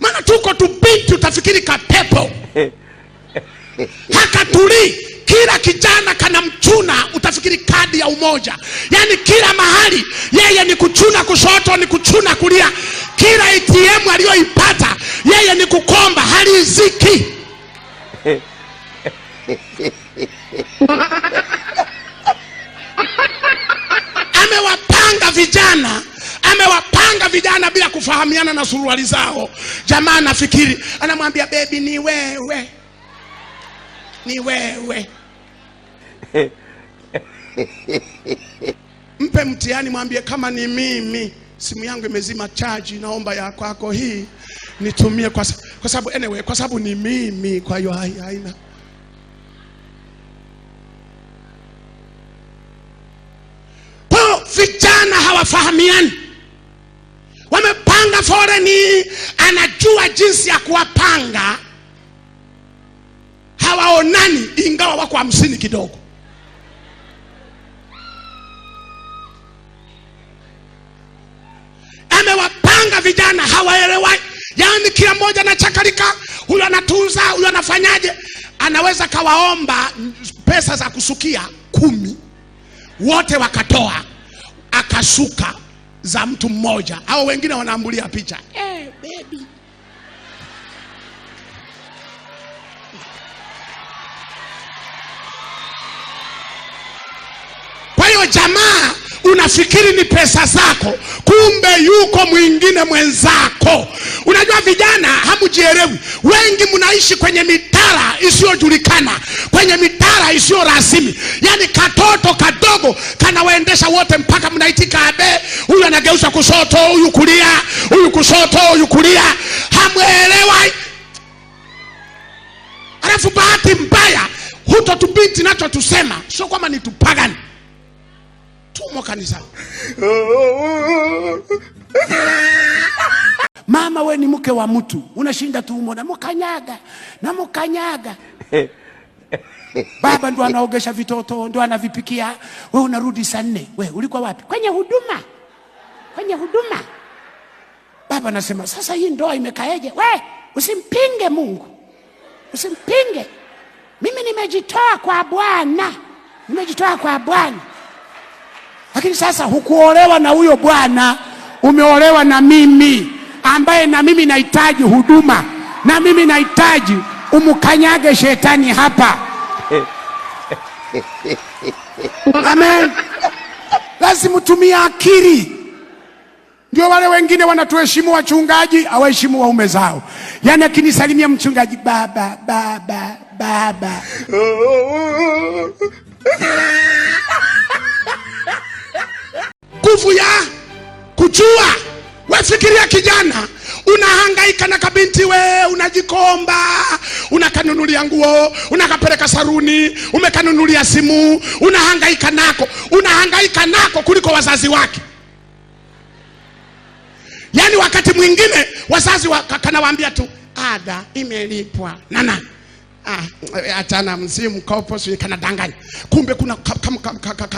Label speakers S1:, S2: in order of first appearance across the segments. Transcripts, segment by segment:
S1: maana tuko tubiti, utafikiri kapepo hakatulii. Kila kijana kana mchuna, utafikiri kadi ya umoja. Yani kila mahali yeye ni kuchuna kushoto, ni kuchuna kulia. Kila ATM aliyoipata yeye ni kukomba, hali ziki amewapanga vijana amewapanga vijana bila kufahamiana na suruali zao. Jamaa nafikiri anamwambia bebi, ni wewe, ni wewe mpe mtihani, mwambie kama ni mimi, simu yangu imezima chaji, naomba ya kwako hii nitumie, kwa sababu anyway, kwa sababu ni mimi, kwa hiyo haina Vijana hawafahamiani wamepanga foreni, anajua jinsi ya kuwapanga hawaonani, ingawa wako hamsini kidogo. Amewapanga vijana hawaelewa, yaani kila mmoja anachakalika, huyu anatunza, huyu anafanyaje. Anaweza kawaomba pesa za kusukia kumi, wote wakatoa, akasuka za mtu mmoja, au wengine wanaambulia picha hey, eh, baby huyo jamaa unafikiri ni pesa zako, kumbe yuko mwingine mwenzako. Unajua vijana, hamujielewi. Wengi mnaishi kwenye mitara isiyojulikana, kwenye mitara isiyo rasmi, Yani katoto kadogo kanawaendesha wote, mpaka mnaitika abe, huyu anageuza kushoto, huyu kulia, huyu kushoto, huyu kulia, hamwelewa. Alafu bahati mbaya, huto tubiti nacho tusema, sio kwamba ni tupagani Unatumwa kanisani. Mama, we ni mke wa mtu, unashinda tu umo namukanyaga, namukanyaga baba ndo anaogesha vitoto ndo anavipikia, we unarudi saa nne. We ulikuwa wapi? Kwenye huduma, kwenye huduma. Baba anasema sasa, hii ndoa imekaeje? We usimpinge Mungu, usimpinge. Mimi nimejitoa kwa Bwana, nimejitoa kwa Bwana. Lakini sasa hukuolewa na huyo bwana, umeolewa na mimi ambaye na mimi nahitaji huduma, na mimi nahitaji umkanyage shetani hapa. Amen. Lazima utumie akili. Ndio wale wengine wanatuheshimu wachungaji, awaheshimu waume zao. Yaani akinisalimia mchungaji baba baba baba nguvu ya kujua. Wefikiria kijana, unahangaika na kabinti, we unajikomba, unakanunulia nguo, unakapeleka saruni, umekanunulia simu, unahangaika nako, unahangaika nako kuliko wazazi wake. Yaani wakati mwingine wazazi wakanawaambia tu ada imelipwa na nani achana ah, msi mkopo si kanadanganya. Kumbe kuna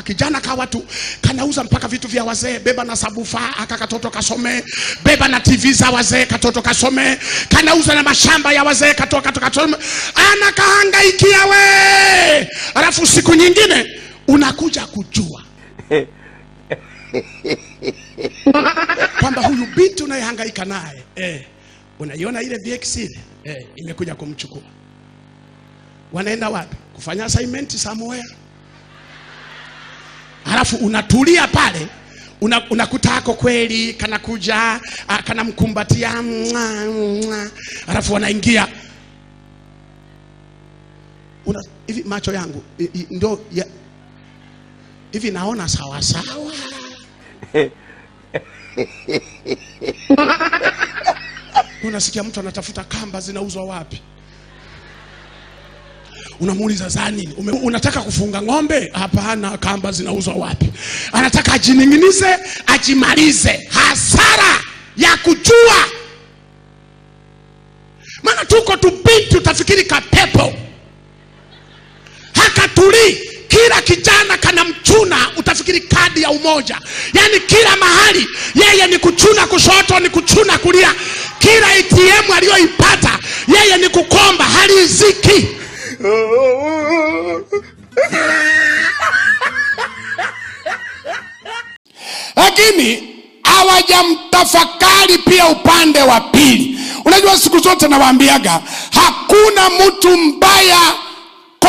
S1: kijana ka watu kanauza mpaka vitu vya wazee, beba na sabufa aka katoto kasome, beba na TV za wazee katoto kasome kanauza na mashamba ya wazee katoto katoto kasome. ana kahangaikia we, alafu siku nyingine unakuja kujua kwamba huyu binti unayehangaika naye eh, unaiona ile BX ile eh, imekuja kumchukua wanaenda wapi? Kufanya assignment somewhere. Halafu unatulia pale unakuta una, unakuta ako kweli kanakuja kanamkumbatia, halafu wanaingia una, hivi macho yangu ndio ya, hivi naona sawa sawa unasikia mtu anatafuta kamba zinauzwa wapi? unamuuliza zani ume, Unataka kufunga ng'ombe? Hapana, kamba zinauzwa wapi? Anataka ajining'inize, ajimalize. Hasara ya kujua, maana tuko tubinti, utafikiri kapepo hakatuli. kila kijana kana mchuna utafikiri kadi ya umoja. Yani kila mahali yeye ni kuchuna kushoto, ni kuchuna kulia. Kila ATM aliyoipata yeye ni kukomba, haliziki lakini hawajamtafakari pia upande wa pili. Unajua, siku zote nawaambiaga hakuna mtu mbaya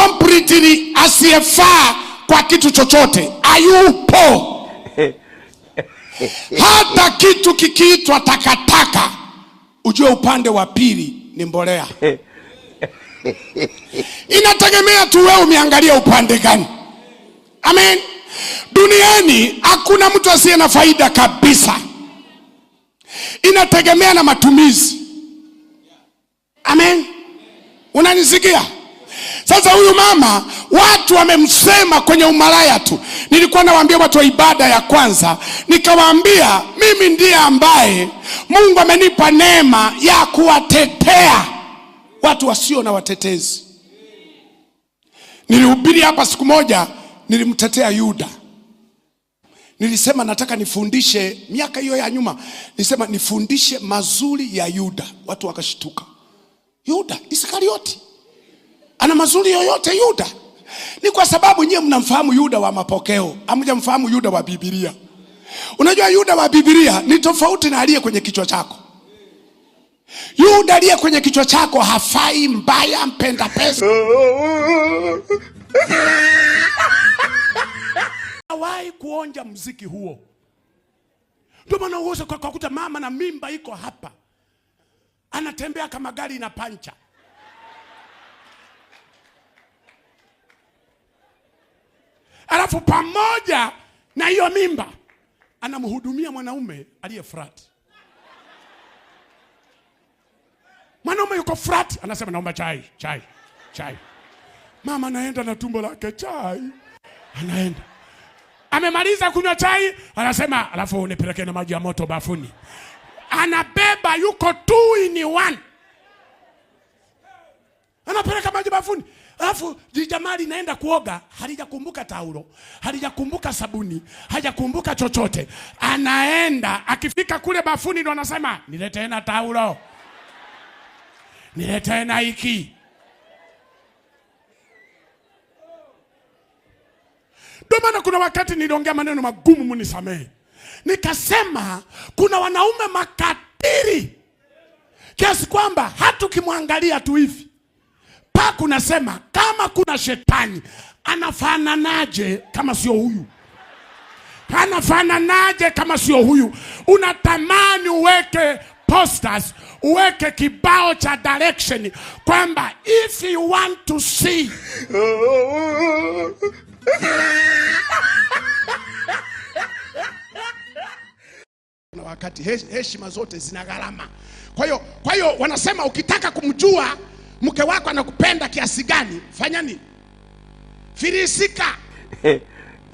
S1: completely asiyefaa kwa kitu chochote, ayupo hata kitu kikiitwa takataka, ujue upande wa pili ni mbolea. Inategemea tu wewe umeangalia upande gani. Amen. Duniani hakuna mtu asiye na faida kabisa, inategemea na matumizi. Amen, unanisikia? Sasa huyu mama watu wamemsema kwenye umalaya tu. Nilikuwa nawaambia watu wa ibada ya kwanza, nikawaambia mimi ndiye ambaye Mungu amenipa neema ya kuwatetea watu wasio na watetezi. Nilihubiri hapa siku moja, nilimtetea Yuda. Nilisema nataka nifundishe, miaka hiyo ya nyuma, nilisema nifundishe mazuri ya Yuda. Watu wakashtuka, Yuda Iskarioti ana mazuri yoyote? Yuda ni kwa sababu nyie mnamfahamu Yuda wa mapokeo, hamjamfahamu Yuda wa Biblia. Unajua Yuda wa Biblia ni tofauti na aliye kwenye kichwa chako yudalie kwenye kichwa chako hafai mbaya mpenda pesa hawahi kuonja mziki huo ndio maana uweze kukuta mama na mimba iko hapa anatembea kama gari na pancha alafu pamoja na hiyo mimba anamhudumia mwanaume aliye frati Mwanaume yuko flat anasema naomba chai, chai, chai. Mama anaenda na tumbo lake chai. Anaenda. Amemaliza kunywa chai, anasema alafu unipelekee na maji ya moto bafuni. Anabeba yuko two in one. Anapeleka maji bafuni. Alafu jijamali naenda kuoga, halijakumbuka taulo, halijakumbuka sabuni, hajakumbuka chochote. Anaenda akifika kule bafuni ndo anasema niletee na taulo nilete na Ndio maana kuna wakati niliongea maneno magumu, munisamehe. Nikasema kuna wanaume makatiri kiasi kwamba hata ukimwangalia tu hivi paku, nasema kama kuna shetani anafananaje kama sio huyu? Anafananaje kama sio huyu? Unatamani uweke posters uweke kibao cha direction kwamba if you want to see na wakati heshima zote zina gharama. Kwa hiyo kwa hiyo wanasema ukitaka kumjua mke wako anakupenda kiasi gani, fanya nini? Filisika.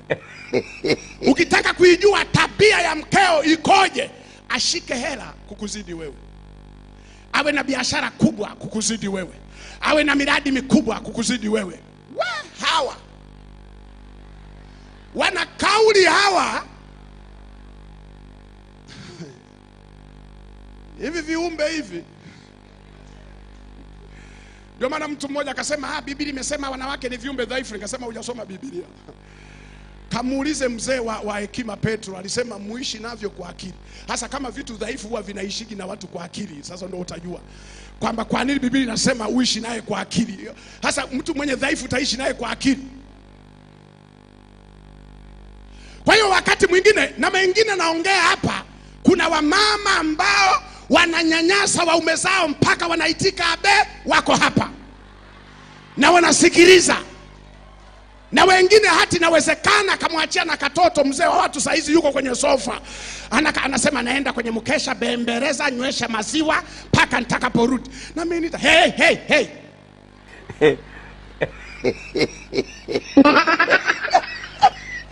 S1: Ukitaka kuijua tabia ya mkeo ikoje, ashike hela kukuzidi wewe awe na biashara kubwa kukuzidi wewe, awe na miradi mikubwa kukuzidi wewe. We, hawa wana kauli hawa hivi viumbe hivi. Ndio maana mtu mmoja akasema ah, Biblia imesema wanawake ni viumbe dhaifu. Nikasema hujasoma Biblia. Kamuulize mzee wa, wa hekima Petro alisema muishi navyo kwa akili. Hasa kama vitu dhaifu huwa vinaishiki na watu kwa akili, sasa ndio utajua kwamba kwa nini Biblia inasema uishi naye kwa akili. Hasa mtu mwenye dhaifu utaishi naye kwa akili. Kwa hiyo wakati mwingine na mengine naongea hapa, kuna wamama ambao wananyanyasa waume zao mpaka wanaitika abe, wako hapa na wanasikiliza na wengine hata inawezekana akamwachia na katoto. Mzee wa watu hizi yuko kwenye sofa Anaka, anasema naenda kwenye mkesha, bembereza, nywesha maziwa mpaka nitakaporudi. Na mimi nita hey, hey, hey.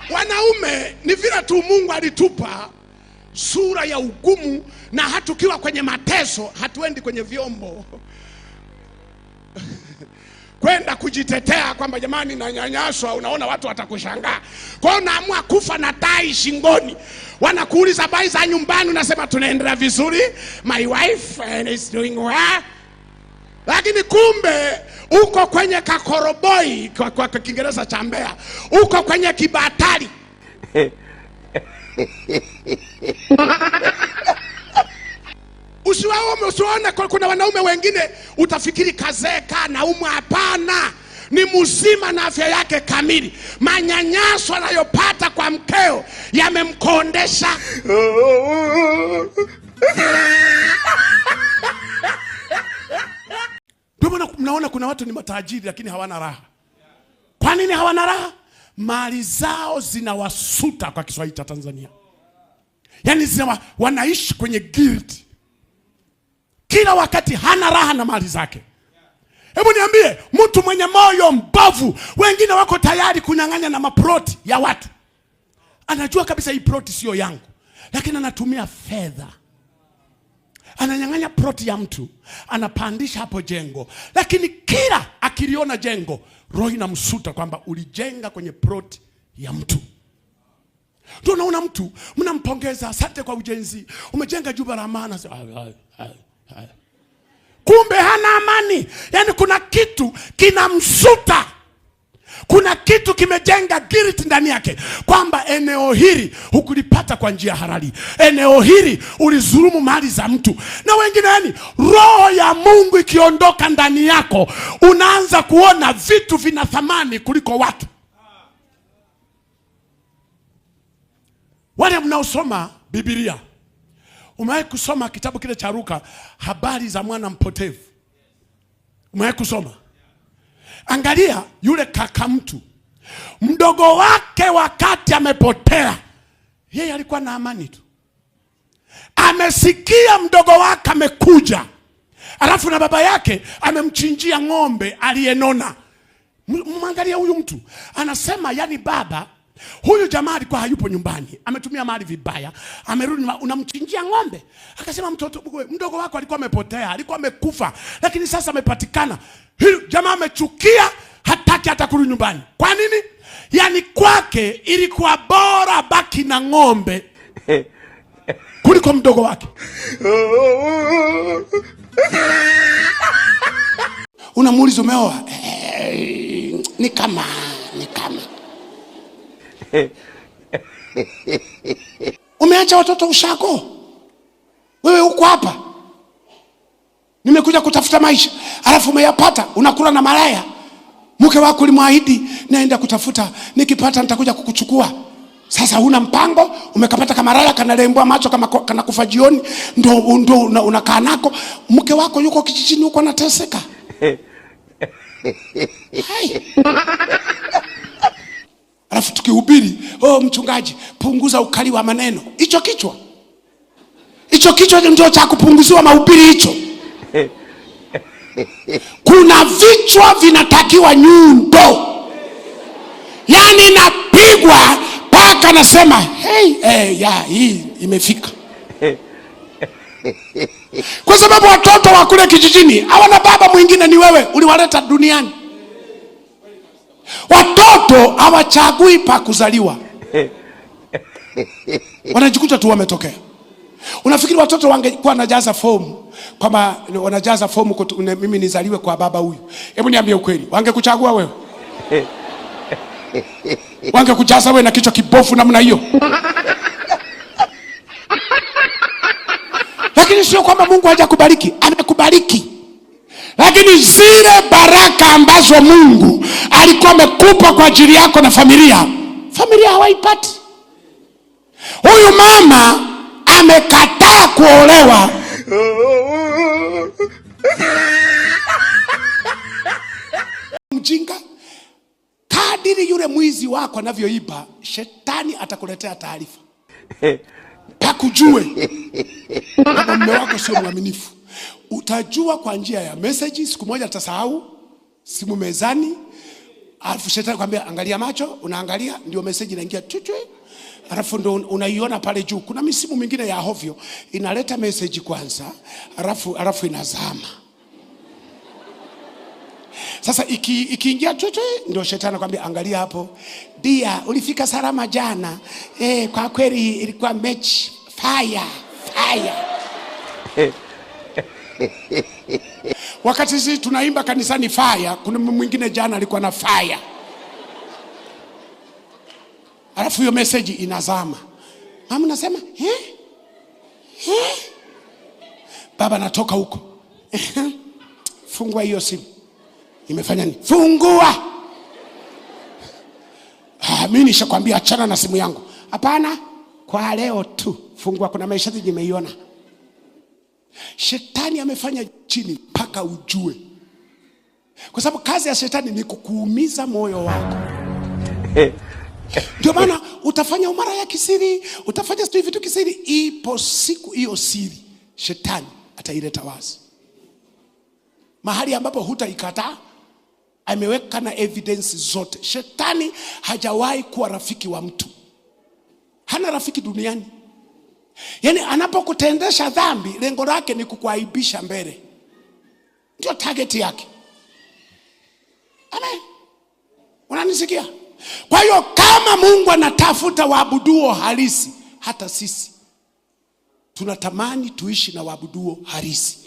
S1: Wanaume ni vile tu Mungu alitupa sura ya ugumu, na hatukiwa kwenye mateso hatuendi kwenye vyombo kwenda kujitetea kwamba jamani nanyanyaswa, unaona watu watakushangaa. Kwa hiyo naamua kufa na tai shingoni. Wanakuuliza habari za nyumbani, unasema tunaendelea vizuri, my wife eh, is doing well. Lakini kumbe uko kwenye kakoroboi, kwa, kwa Kiingereza cha mbea, uko kwenye kibatari Usiwaome, usiwaone. Kuna wanaume wengine utafikiri kazeeka, naumwa. Hapana, ni mzima na afya yake kamili. Manyanyaso anayopata kwa mkeo yamemkondesha. Ndio maana mnaona kuna watu ni matajiri lakini hawana raha. Kwa nini hawana raha? Mali zao zinawasuta, kwa Kiswahili cha Tanzania, yaani wanaishi kwenye guilt kila wakati hana raha na mali zake. Hebu niambie, mtu mwenye moyo mbavu, wengine wako tayari kunyang'anya na maproti ya watu. Anajua kabisa hii proti sio yangu, lakini anatumia fedha ananyang'anya proti ya mtu, anapandisha hapo jengo, lakini kila akiliona jengo roho inamsuta kwamba ulijenga kwenye proti ya mtu. Ndio unaona mtu mnampongeza, asante kwa ujenzi, umejenga jumba la maana. Kumbe hana amani, yaani kuna kitu kinamsuta, kuna kitu kimejenga guilt ndani yake kwamba eneo hili hukulipata kwa njia halali, eneo hili ulizulumu mali za mtu na wengine. Yani roho ya Mungu ikiondoka ndani yako, unaanza kuona vitu vina thamani kuliko watu. Wale mnaosoma Biblia Umewahi kusoma kitabu kile cha Luka, habari za mwana mpotevu? Umewahi kusoma? Angalia yule kaka mtu mdogo wake, wakati amepotea, yeye alikuwa na amani tu, amesikia mdogo wake amekuja, alafu na baba yake amemchinjia ng'ombe aliyenona. Mwangalia huyu mtu anasema, yani baba Huyu jamaa alikuwa hayupo nyumbani, ametumia mali vibaya, amerudi, nyumbani, unamchinjia ng'ombe. Akasema mtoto mdogo wako alikuwa amepotea, alikuwa amekufa, lakini sasa amepatikana. Huyu jamaa amechukia, hataki hata kurudi nyumbani. Kwa nini? Yaani kwake ilikuwa bora baki na ng'ombe kuliko mdogo wake. Unamuuliza umeoa? Hey, eh, ni kama Umeacha watoto ushako, wewe uko hapa, nimekuja kutafuta maisha, alafu umeyapata, unakula na malaya. Mke wako ulimwahidi, naenda kutafuta, nikipata nitakuja kukuchukua. Sasa huna mpango, umekapata kamaraya, kanalembwa macho kama kanakufa jioni, ndo, ndo unakaa nako. Mke wako yuko kijijini huko anateseka. Alafu tukihubiri oh, mchungaji, punguza ukali wa maneno. Hicho kichwa hicho kichwa ndio cha kupunguziwa mahubiri hicho. Kuna vichwa vinatakiwa nyundo, yaani napigwa mpaka nasema hey, hey, eh, ya hii imefika, kwa sababu watoto wa kule kijijini hawana baba mwingine, ni wewe uliwaleta duniani. Watoto hawachagui pa kuzaliwa, wanajikuta tu wametokea. Unafikiri watoto wangekuwa wanajaza fomu kwamba wanajaza fomu mimi nizaliwe kwa baba huyu? Hebu niambie ukweli, wangekuchagua wewe? Wangekujaza wewe na kichwa kibofu namna hiyo? Lakini sio kwamba Mungu hajakubariki, amekubariki lakini zile baraka ambazo Mungu alikuwa amekupa kwa ajili yako na familia, familia hawaipati. Huyu mama amekataa kuolewa mjinga. Kadiri yule mwizi wako anavyoiba, shetani atakuletea taarifa pakujue, mume wako sio mwaminifu. Utajua kwa njia ya message. Siku moja utasahau simu mezani, alafu shetani kwambia angalia macho, unaangalia ndio message inaingia tutwe, alafu ndo unaiona pale juu. Kuna misimu mingine ya hovyo inaleta message kwanza, alafu alafu inazama. Sasa ikiingia iki tutu, ndio shetani anakuambia angalia hapo, dia ulifika salama jana. Eh, kwa kweli ilikuwa mechi fire fire. Hey. Eh. Wakati sisi tunaimba kanisani faya kuna mwingine jana alikuwa na faya alafu hiyo meseji inazama, mama nasema he? He? Baba natoka huko fungua hiyo simu imefanya nini? Fungua ah, mi nishakwambia achana na simu yangu. Hapana, kwa leo tu fungua, kuna maisha nimeiona Shetani amefanya chini mpaka ujue, kwa sababu kazi ya shetani ni kukuumiza moyo wako. Ndio maana utafanya umara ya kisiri, utafanya sijui vitu kisiri. Ipo siku hiyo siri shetani ataileta wazi mahali ambapo hutaikataa. Ameweka na evidence zote. Shetani hajawahi kuwa rafiki wa mtu, hana rafiki duniani. Yaani anapokutendesha dhambi, lengo lake ni kukuaibisha mbele, ndio target yake. Amen, unanisikia? Kwa hiyo kama Mungu anatafuta waabuduo halisi, hata sisi tunatamani tuishi na waabuduo halisi,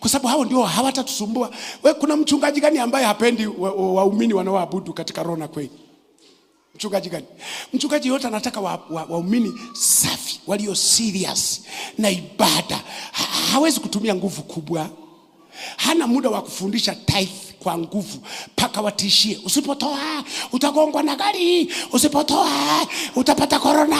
S1: kwa sababu hao ndio hawatatusumbua. We, kuna mchungaji gani ambaye hapendi waumini wa, wa wanaoabudu katika roho na kweli? Mchungaji gani? Mchungaji yote anataka waumini wa, wa safi walio serious na ibada. Ha, hawezi kutumia nguvu kubwa, hana muda wa kufundisha tithe kwa nguvu mpaka watishie, usipotoa utagongwa na gari, usipotoa utapata korona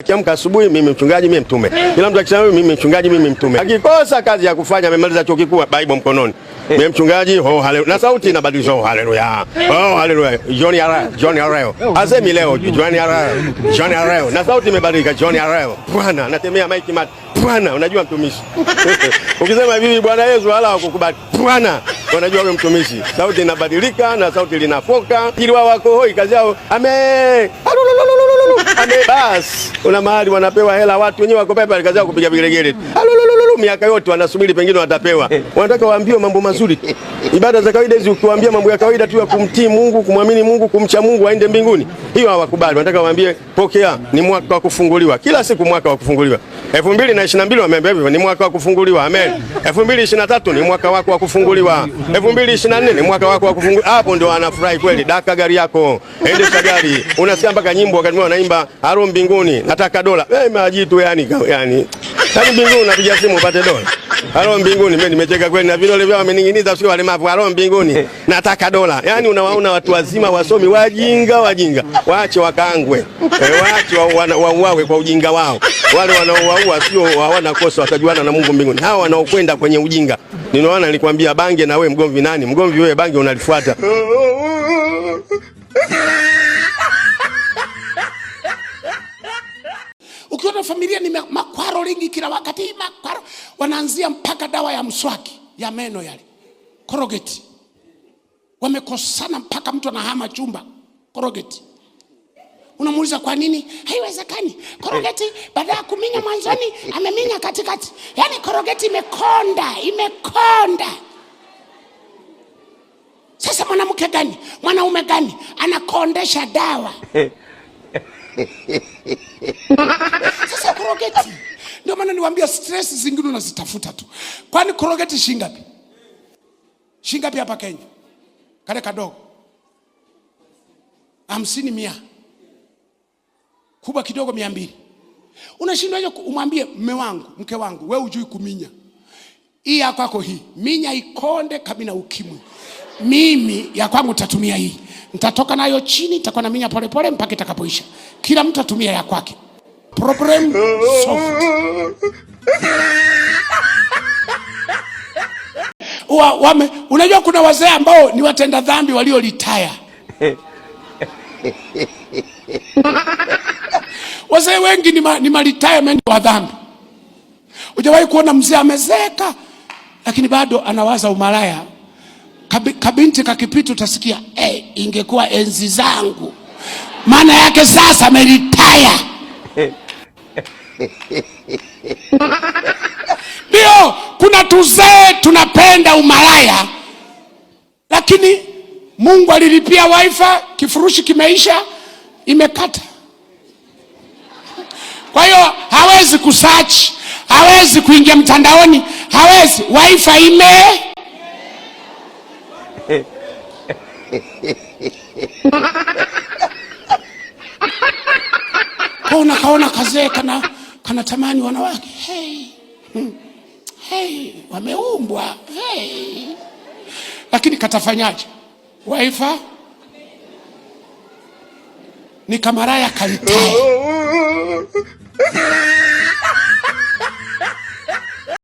S1: Akiamka asubuhi, mimi mchungaji, mimi mtume. Kila mtu akisema mimi mchungaji, mimi mtume, akikosa kazi ya kufanya, amemaliza chuo kikuu, Bible mkononi. Eh. Mimi mchungaji, oh haleluya. Na sauti inabadilishwa, oh haleluya. Oh haleluya. Johnny Arroyo, Johnny Arroyo. Asemi leo Johnny Arroyo, Johnny Arroyo. Na sauti imebadilika Johnny Arroyo. Bwana, natemea Mike Matt. Bwana, unajua mtumishi. Ukisema hivi Bwana Yesu hala hakukubali. Bwana, unajua wewe mtumishi. Sauti inabadilika na sauti linafoka. Ili wao wako hoi kazi yao. Amen. Ame, bas. Una mahali wanapewa hela watu wenyewe wako pale kazi yao kupiga vigelegele miaka yote wanasubiri, pengine watapewa, wanataka waambiwe mambo mazuri. Ibada za kawaida hizi, ukiwaambia mambo ya kawaida tu ya kumtii Mungu, kumwamini Mungu, kumcha Mungu, aende mbinguni, hiyo hawakubali. Wanataka waambie pokea, ni mwaka wa kufunguliwa, kila siku mwaka wa kufunguliwa. 2022 wameambiwa hivyo, ni mwaka wa kufunguliwa. Amen. 2023 ni mwaka wako wa kufunguliwa. 2024 ni mwaka wako wa kufunguliwa. Hapo ndio anafurahi kweli. Daka gari yako, endesha gari. Unasikia mpaka nyimbo wakati wanaimba haro mbinguni, nataka dola. Wewe eh, majitu yani yani Tani mbinguni unapiga simu upate dola. Halo mbinguni, mimi nimecheka kweli na vile vyao wamening'iniza sio wale mavu. Halo mbinguni, nataka dola. Yaani unawaona watu wazima wasomi wajinga wajinga. Waache wakaangwe. E, waache wauawe kwa ujinga wao. Wale wanaouaua sio hawana kosa, watajuana na Mungu mbinguni. Hawa wanaokwenda kwenye ujinga. Ninaona nilikwambia bange na we mgomvi nani? Mgomvi wewe bange unalifuata. Ukiona familia ni makwaro lingi kila wakati, makwaro wanaanzia mpaka dawa ya mswaki ya meno yale korogeti, wamekosana mpaka mtu anahama chumba korogeti. Unamuuliza kwa nini? Haiwezekani korogeti, baada ya kuminya mwanzoni ameminya katikati, yaani korogeti imekonda, imekonda. Sasa mwanamke gani, mwanaume gani anakondesha dawa? Sasa korogeti, ndio maana niwaambia stress zingine unazitafuta tu. Kwani korogeti shingapi? Shingapi hapa Kenya? Kale kadogo hamsini, mia kubwa kidogo, mia mbili. Unashindwaje umwambie mme wangu, mke wangu, we ujui kuminya hii ya ako hii, minya ikonde kabina ukimwi mimi ya kwangu nitatumia hii, nitatoka nayo chini, nitakuwa naminya polepole mpaka itakapoisha. Kila mtu atumia ya kwake. Problem solved. wame, unajua kuna wazee ambao ni watenda dhambi walio retire. Wazee wengi ni, ma, ni ma retirement wa dhambi. ujawai kuona mzee amezeeka lakini bado anawaza umalaya kabinti kakipita, utasikia hey, eh, ingekuwa enzi zangu. Maana yake sasa ameritaya ndio. Kuna tuzee tunapenda umalaya, lakini Mungu alilipia wifi, kifurushi kimeisha, imekata. Kwa hiyo hawezi kusearch, hawezi kuingia mtandaoni, hawezi wifi ime Kaona kaona kazee kana kanatamani wanawake hey. Hmm. Hey, wameumbwa hey. Lakini katafanyaje? Waifa ni kamaraya kaitae